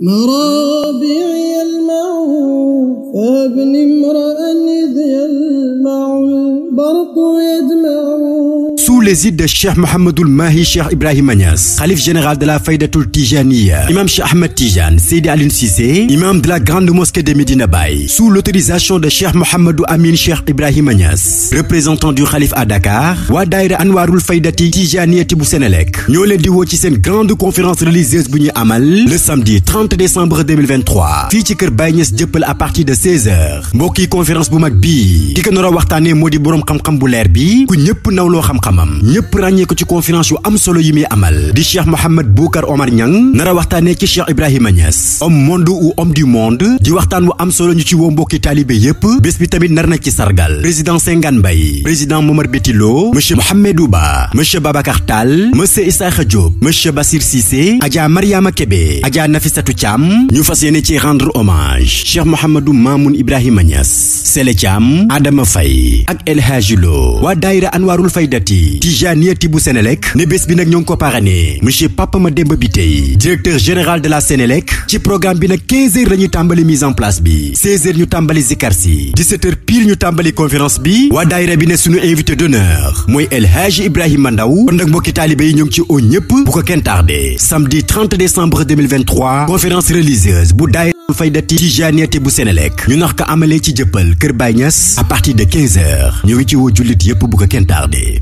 مرابعي يلمع فابن امرأ إذ يلمع البرق يدمع les idées de Cheikh Mohamedou Mahi Cheikh Ibrahim Niass, Khalif général de la Faydatul Tijaniya, Imam Cheikh Ahmed Tijan, Seydi al Cissé, imam de la grande mosquée de Medina Baye, sous l'autorisation de Cheikh Mohamedou Amin Cheikh Ibrahim Niass, représentant du Khalif à Dakar, Wadair Anwarul Faydati Tijani bu Sénélec, ñoo leen di grande conférence religieuse bu amal le samedi 30 décembre 2023 fii ci kër Baye jëppal à partir de 16h mbokki conférence bu mag bii ki Bourom nar a waxtaanee moo xam-xam bu ñepp xam ko ci conférence yu am solo yi amal di cheikh mohammed boukar omar ñang nara waxtane ci cheikh ibrahima Niass homme monde ou homme du monde di waxtaan wu am solo ñu ci wo mbokki talibé yépp bés bi tamit narna ci sargal président sengane Bay président Momar Betilo monsieur mohammedou Ba monsieur Babacar Tal monsieur Isa Diop monsieur Basir Cissé Adja Mariama Kebe Adja Nafissatou cham ñu fas ci rendre hommage Cheikh mohammedou Mamoun Ibrahima Niass Sele cham Adama Faye ak El Hajulo, wa daira Anwarul Faydati tijaaniyati Tibou Senelek ne bés bi ko monsieur Papa Mademba Bitey directeur général de la Sénélec ci programme bi nak 15 heures la tambali mise en place bi 16 heures ñu tambali zikarsi 17 heures pile ñu tambali conférence bi wa daayira bi ne suñu invité d'honneur moy El Hadji Ibrahim Mandaw kon nag mbokki taalibe ñong ci oo ñepp bu ko tardé samedi 30 décembre 2023 conférence religieuse bu faydati ci janete bu Sénélec ñu nax ko amalee ci jëppal Kër Baye Niass à partir de 15 heures ñu ngi ci woo jullit yépp bu ko kenn tardé